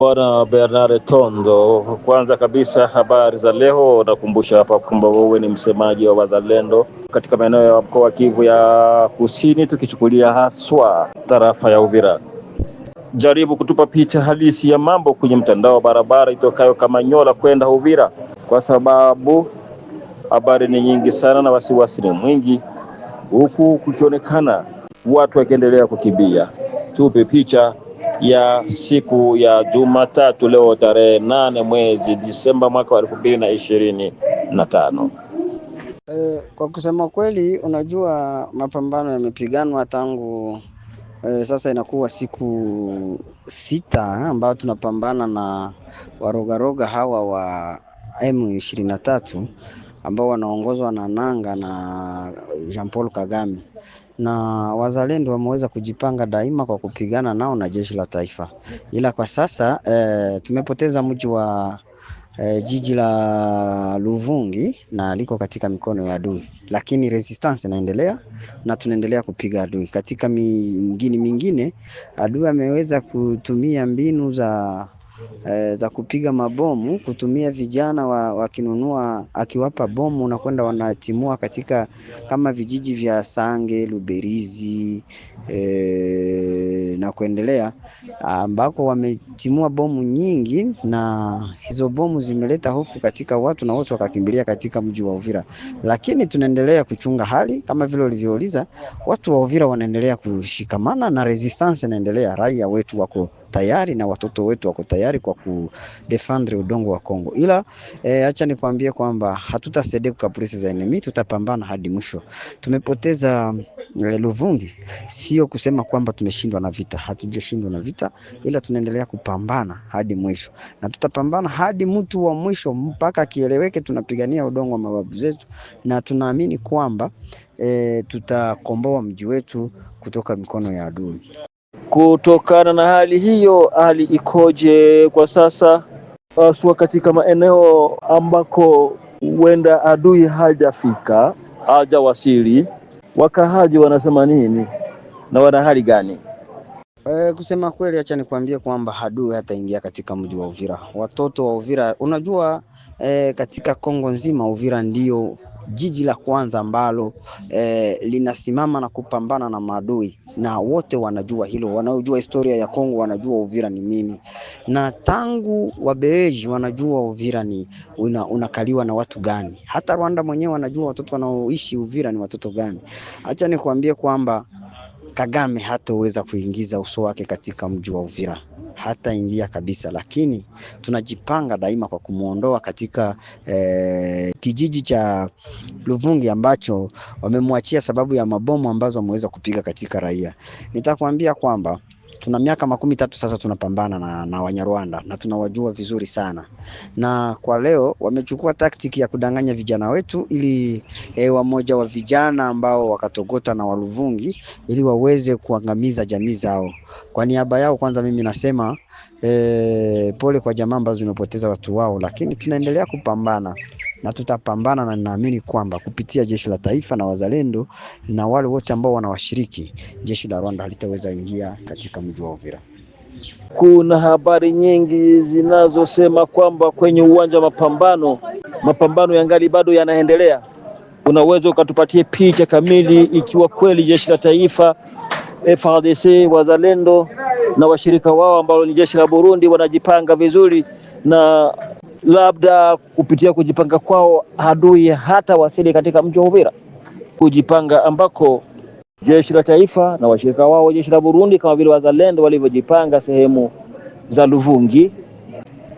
Bwana Bernard Tondo, kwanza kabisa habari za leo. Nakumbusha hapa kwamba wewe ni msemaji wa wazalendo katika maeneo ya mkoa wa Kivu ya Kusini, tukichukulia haswa tarafa ya Uvira. Jaribu kutupa picha halisi ya mambo kwenye mtandao wa barabara itokayo Kamanyola kwenda Uvira, kwa sababu habari ni nyingi sana na wasiwasi ni mwingi, huku kukionekana watu wakiendelea kukimbia. Tupe picha ya siku ya Jumatatu leo tarehe nane mwezi Disemba mwaka wa elfu mbili na ishirini na tano. E, kwa kusema kweli, unajua mapambano yamepiganwa tangu e, sasa inakuwa siku sita ambayo tunapambana na warogaroga hawa wa M23 ambao wanaongozwa na nanga na Jean Paul Kagame na wazalendo wameweza kujipanga daima kwa kupigana nao na jeshi la taifa, ila kwa sasa e, tumepoteza mji wa e, jiji la Luvungi na liko katika mikono ya adui, lakini resistance inaendelea na tunaendelea kupiga adui. Katika mingine mingine adui ameweza kutumia mbinu za Eh, za kupiga mabomu kutumia vijana wa, wakinunua akiwapa bomu na kwenda wanatimua katika kama vijiji vya Sange, Luberizi e, na kuendelea ambako wametimua bomu nyingi, na hizo bomu zimeleta hofu katika watu na watu wakakimbilia katika mji wa Uvira. Lakini tunaendelea kuchunga hali kama vile ulivyouliza, watu wa Uvira wanaendelea kushikamana na resistance inaendelea. Raia wetu wako tayari na watoto wetu wako tayari kwa kudefendre udongo wa Kongo, ila e, acha nikwambie kwamba hatutasede kukaprisi za enemy, tutapambana hadi mwisho. Tumepoteza Eh, Luvungi, sio kusema kwamba tumeshindwa na vita. Hatujashindwa na vita, ila tunaendelea kupambana hadi mwisho, na tutapambana hadi mtu wa mwisho mpaka akieleweke. Tunapigania udongo wa mababu zetu, na tunaamini kwamba e, tutakomboa mji wetu kutoka mikono ya adui. Kutokana na hali hiyo, hali ikoje kwa sasa aswa katika maeneo ambako huenda adui hajafika hajawasili? wakahaji wanasema nini na wana hali gani? E, kusema kweli, acha nikwambie kwamba hadui hataingia katika mji wa Uvira. Watoto wa Uvira, unajua e, katika Kongo nzima Uvira ndio jiji la kwanza ambalo eh, linasimama na kupambana na maadui, na wote wanajua hilo. Wanaojua historia ya Kongo wanajua Uvira ni nini, na tangu wabeeji wanajua Uvira ni una, unakaliwa na watu gani. Hata Rwanda mwenyewe wanajua watoto wanaoishi Uvira ni watoto gani. Acha nikwambie kwamba Kagame hataweza kuingiza uso wake katika mji wa Uvira hata ingia kabisa, lakini tunajipanga daima kwa kumwondoa katika eh, kijiji cha Luvungi ambacho wamemwachia sababu ya mabomu ambazo wameweza kupiga katika raia. Nitakwambia kwamba tuna miaka makumi tatu sasa tunapambana na, na Wanyarwanda na tunawajua vizuri sana, na kwa leo wamechukua taktik ya kudanganya vijana wetu ili e, wamoja wa vijana ambao wakatogota na Waluvungi ili waweze kuangamiza jamii zao. Kwa niaba yao kwanza mimi nasema e, pole kwa jamaa ambazo zimepoteza watu wao, lakini tunaendelea kupambana na tutapambana, na ninaamini kwamba kupitia jeshi la taifa na wazalendo na wale wote ambao wanawashiriki, jeshi la Rwanda halitaweza ingia katika mji wa Uvira. Kuna habari nyingi zinazosema kwamba kwenye uwanja wa mapambano, mapambano yangali bado yanaendelea. Unaweza ukatupatie picha kamili ikiwa kweli jeshi la taifa eh, FARDC, wazalendo na washirika wao ambao ni jeshi la Burundi wanajipanga vizuri na labda kupitia kujipanga kwao adui hata wasili katika mji wa Uvira, kujipanga ambako jeshi la taifa na washirika wao jeshi la Burundi kama vile wazalendo walivyojipanga sehemu za Luvungi.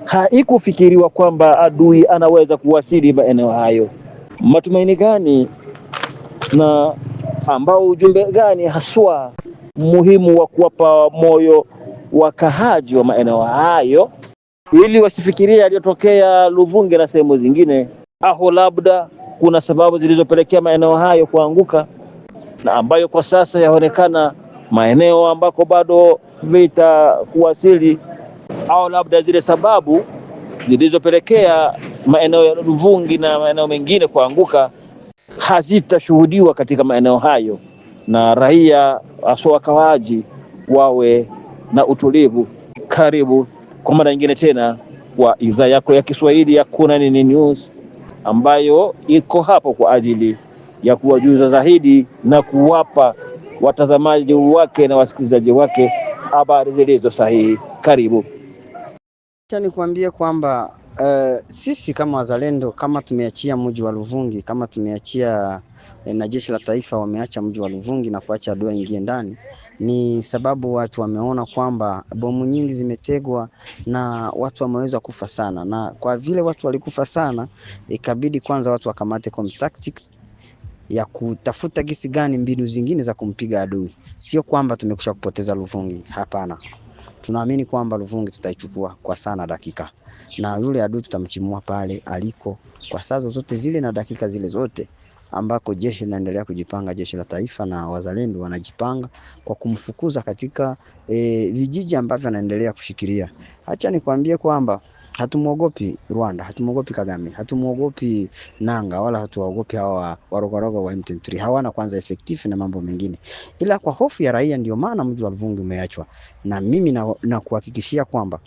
Haikufikiriwa kwamba adui anaweza kuwasili maeneo hayo. Matumaini gani na ambao ujumbe gani haswa muhimu wa kuwapa moyo wakahaji wa maeneo hayo ili wasifikirie yaliyotokea Luvungi na sehemu zingine, au labda kuna sababu zilizopelekea maeneo hayo kuanguka na ambayo kwa sasa yaonekana maeneo ambako bado vita kuwasili, au labda zile sababu zilizopelekea maeneo ya Luvungi na maeneo mengine kuanguka hazitashuhudiwa katika maeneo hayo, na raia aso wakawaji wawe na utulivu. Karibu. Kwa mara nyingine tena kwa idhaa yako ya Kiswahili ya Kuna Nini News ambayo iko hapo kwa ajili ya kuwajuza zaidi na kuwapa watazamaji wake na wasikilizaji wake habari zilizo sahihi. Karibu. Acha nikuambie kwamba uh, sisi kama wazalendo, kama tumeachia mji wa Luvungi, kama tumeachia Eh, na jeshi la taifa wameacha mji wa Luvungi na kuacha adui ingie ndani, ni sababu watu wameona kwamba bomu nyingi zimetegwa na watu wameweza kufa sana, na kwa vile watu walikufa sana, ikabidi kwanza watu wakamate tactics ya kutafuta gisi gani, mbinu zingine za kumpiga adui. Sio kwamba tumekusha kupoteza Luvungi, hapana. Tunaamini kwamba Luvungi tutaichukua kwa sana dakika, na yule adui tutamchimua pale aliko kwa saa zozote zile na dakika zile zote ambako jeshi linaendelea kujipanga, jeshi la taifa na wazalendo wanajipanga kwa kumfukuza katika e, vijiji ambavyo anaendelea kushikilia. Acha nikwambie kwamba hatumwogopi Rwanda, hatumwogopi Kagame, hatumwogopi Nanga, wala hatuwaogopi hawa warogorogo wa M23. Hawana kwanza efektifu na mambo mengine, ila kwa hofu ya raia. Ndio maana mji wa Luvungi umeachwa, na mimi na, na kuhakikishia kwamba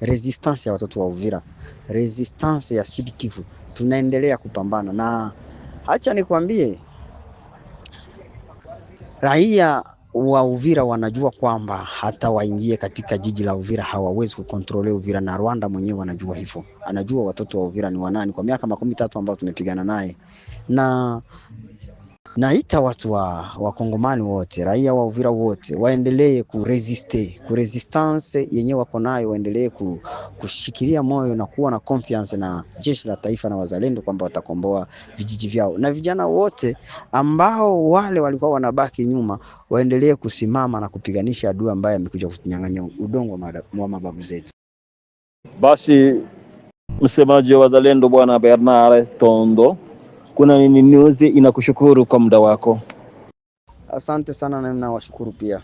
resistance ya watoto wa Uvira, resistance ya Sud Kivu tunaendelea kupambana na Acha nikwambie, raia wa Uvira wanajua kwamba hata waingie katika jiji la Uvira hawawezi kukontrole Uvira, na Rwanda mwenyewe wanajua hivyo, anajua watoto wa Uvira ni wanani kwa miaka makumi tatu ambayo tumepigana naye na Naita watu wa wakongomani wote, raia wa Uvira wote waendelee kuresiste, kuresistance yenyewe wako nayo, waendelee kushikilia moyo na kuwa na confiance na jeshi la taifa na wazalendo kwamba watakomboa vijiji vyao, na vijana wote ambao wale walikuwa wanabaki nyuma waendelee kusimama na kupiganisha adui ambaye amekuja kutunyang'anya udongo wa mababu zetu. Basi msemaji wa wazalendo Bwana Bernard Tondo kuna Nini News inakushukuru kwa muda wako. Asante sana na ninawashukuru pia.